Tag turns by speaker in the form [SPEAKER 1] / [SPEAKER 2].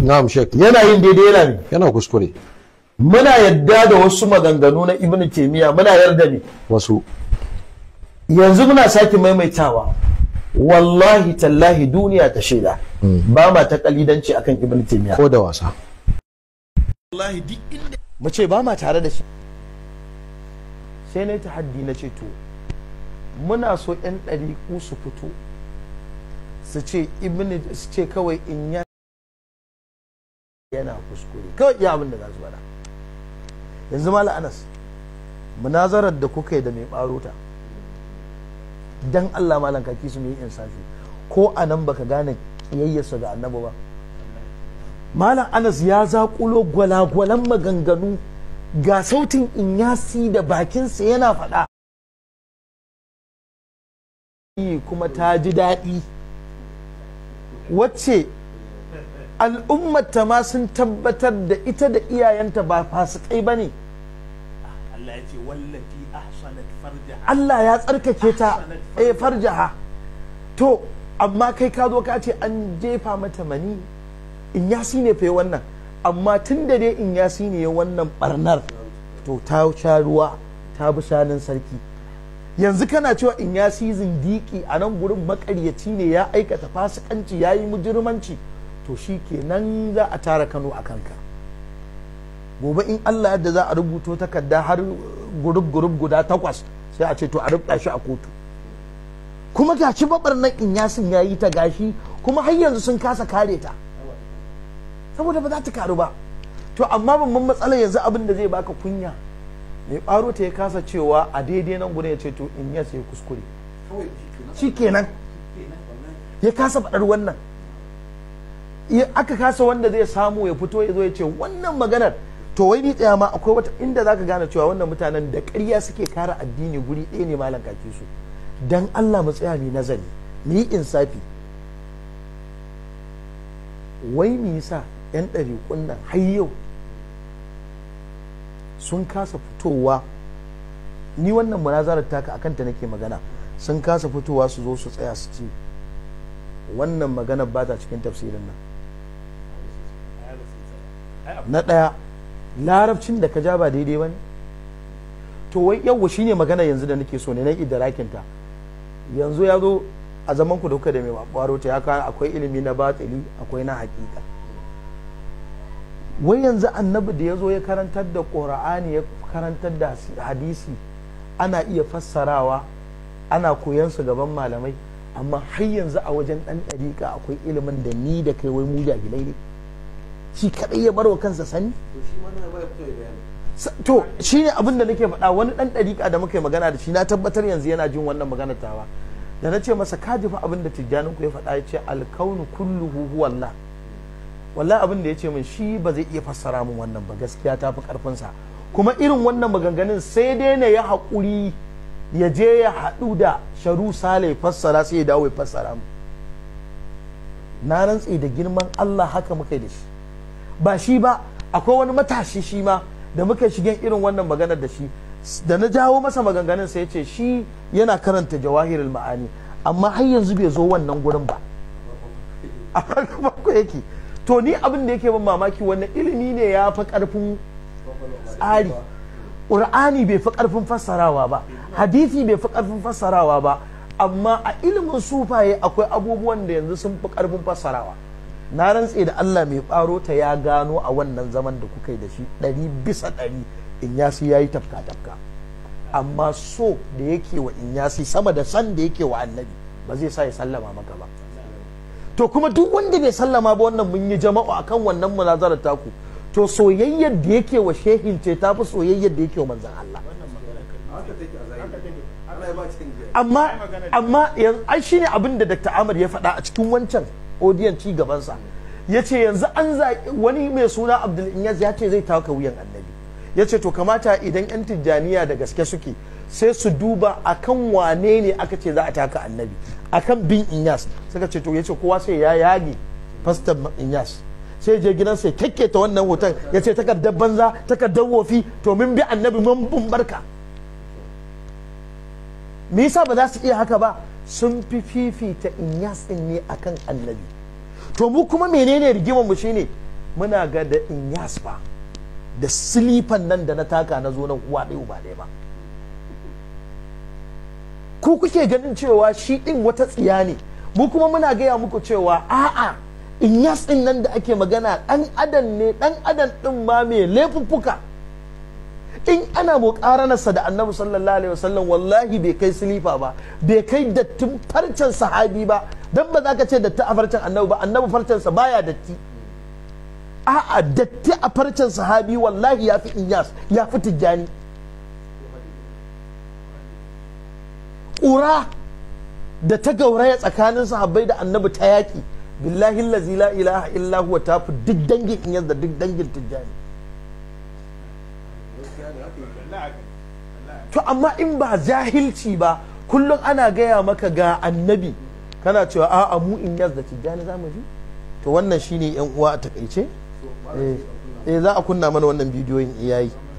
[SPEAKER 1] na'am shek yana yin daidai yana ne yana kuskure muna yadda da wasu maganganu na ibnu taymiya muna yarda ne wasu yanzu muna sake maimaitawa wallahi tallahi duniya ta shaida hmm. ba ma ta kalidanci akan ibnu taymiya ko da wasa wallahi duk inda mu ce ba ma tare da shi sai na yi tahaddi na ce to muna so 'yan ɗariƙu su fito su ce su ce kawai in ya yana kuskure kawai iya abin da za su faɗa yanzu mala anas munazarar da kuka yi da mai ɓaruta don dan Allah malam kaki su mai insafi ko a nan baka gane kiyayyarsa ga annabi ba malam anas ya zaƙulo gwalagwalan maganganu ga sautin inyasi da bakinsa yana faɗa kuma ta ji daɗi wacce al'ummata ma sun tabbatar da ita da iyayenta ba fasikai ba ne Allah ya tsarkake ta eh, to amma kai ka zo ka ce an jefa mata mani in yasi ne fa wannan amma tun da dai in yasi ne wannan barnar to ta sha ruwa ta bi shanin sarki yanzu kana cewa in yasi zindiki a nan gurin makaryaci ne ya aikata fasikanci ya yi mujirmanci to shi kenan za a tara kano a kanka gobe in allah yadda za a rubuto takarda har gurub gurub guda takwas sai a ce to a rubuta shi a kotu kuma gashi babar nan in yasin ya yi ta gashi kuma har yanzu sun kasa kare ta saboda ba za ta karu ba to amma babban matsala yanzu abin da zai baka kunya mai ɓaro ta ya kasa cewa a daidai nan gudun ya ce to in ya sai kuskure shi ya kasa faɗar wannan aka kasa wanda zai samu ya fito ya zo ya ce wannan maganar to wai ni tsaya ma akwai wata inda zaka gane cewa wannan mutanen da ƙarya suke kara addini guri ɗaya ne malam kaki su dan Allah mu tsaya mu nazari mu yi insafi wai me yasa yan ɗari kunnan har yau sun kasa fitowa ni wannan munazarar taka akan ta nake magana sun kasa fitowa su zo su tsaya su ce wannan maganar ba ta cikin tafsirin nan na ɗaya larabcin da ka ja ba daidai ba ne to wai yau shi ne magana yanzu da nake so ne na idarakin ta yanzu ya zo a zaman ku da kuka da mai baro ta ya kawo akwai ilimi na batsili akwai na hakika wai yanzu annabi da ya zo ya karantar da ƙura'ani ya karantar da hadisi ana iya fassarawa ana koyan su gaban malamai amma har yanzu a wajen ɗan ɗariƙa akwai ilimin da ni da kai wai mu jagilai ne shi kaɗai ya barwa kansa sani to shi ne abin da nake faɗa wani ɗan ɗariƙa da muka yi magana da shi na tabbatar yanzu yana jin wannan magana tawa da na ce masa ka fa abin da tijjanin ku ya faɗa ya ce alkaunu huhu walla walla abin da ya ce min shi ba zai iya fassara min wannan ba gaskiya ta fi ƙarfinsa kuma irin wannan maganganun sai dai ne ya haƙuri ya je ya haɗu da sharu sale fassara sai ya dawo ya fassara min na rantse da girman Allah haka muka yi da shi ba shi ba akwai wani matashi shi ma da muka shigen irin wannan maganar da shi da na jawo masa maganganun sai ya ce shi yana karanta jawahirul ma'ani amma har yanzu bai zo wannan gurin ba a farko farko yake to ni abin da yake ban mamaki wannan ilimi ne ya fi karfin tsari qur'ani bai fi karfin fassarawa ba hadisi bai fi karfin fassarawa ba amma a ilimin sufaye akwai abubuwan da yanzu sun fi karfin fassarawa na rantse da Allah mai ɓaro ta ya gano a wannan zaman da kuka yi da shi ɗari bisa ɗari in yasi ya yi tafka tafka amma so da yake wa in sama da san da yake wa annabi ba zai sa ya sallama maka ba to kuma duk wanda bai sallama ba wannan mun yi jama'a akan wannan munazarar taku to soyayyar da yake wa shehin ce ta fi soyayyar da yake wa manzan Allah amma amma yanzu ai shine abin da Dr. Ahmad ya faɗa a cikin wancan odiyan ci gabansa sa yace yanzu an za wani mai suna Abdul Inyaz ya ce zai taka wuyan annabi yace ce to kamata idan 'yan tijjaniya da gaske suke sai su duba akan wane ne aka ce za a taka annabi akan bin Inyas suka ce to yace kowa sai ya yage Pastor Inyas sai je gidan sai ta wannan hoton yace ce takardar banza takardar wofi to min bi annabi mun bin barka me yasa ba za su iya haka ba sun fi fifita inyas din ne akan annabi to mu kuma menene rigimar mu shine muna ga da inyas ba da silifan nan da na taka na zo nan uwa ɗaya ba ɗaya ba ku kuke ganin cewa shi ɗin wata tsiya ne mu kuma muna gaya muku cewa a'a inyas ɗin nan da ake magana ɗan adam ne ɗan adam ɗin ma mai laifuffuka in ana muƙaranarsa da annabi sallallahu alaihi wasallam wallahi bai kai silifa ba bai kai dattin farcen sahabi ba dan ba za ka ce datti a farcen annabi ba annabi farcensa baya datti a'a datti a farcen sahabi wallahi ya fi inyas ya fi tijjani ƙura da ta gauraya tsakanin sahabbai da annabi ta yaƙi billahi la ilaha illa huwa ta fi duk dangin inyas da duk dangin tijjani to amma in ba jahilci ba kullum ana gaya maka ga annabi kana cewa a'a mu in yas da tijjani za mu ji to wannan shine yan uwa a takaice eh, eh za a kunna mana wannan bidiyoyin iyayi eh,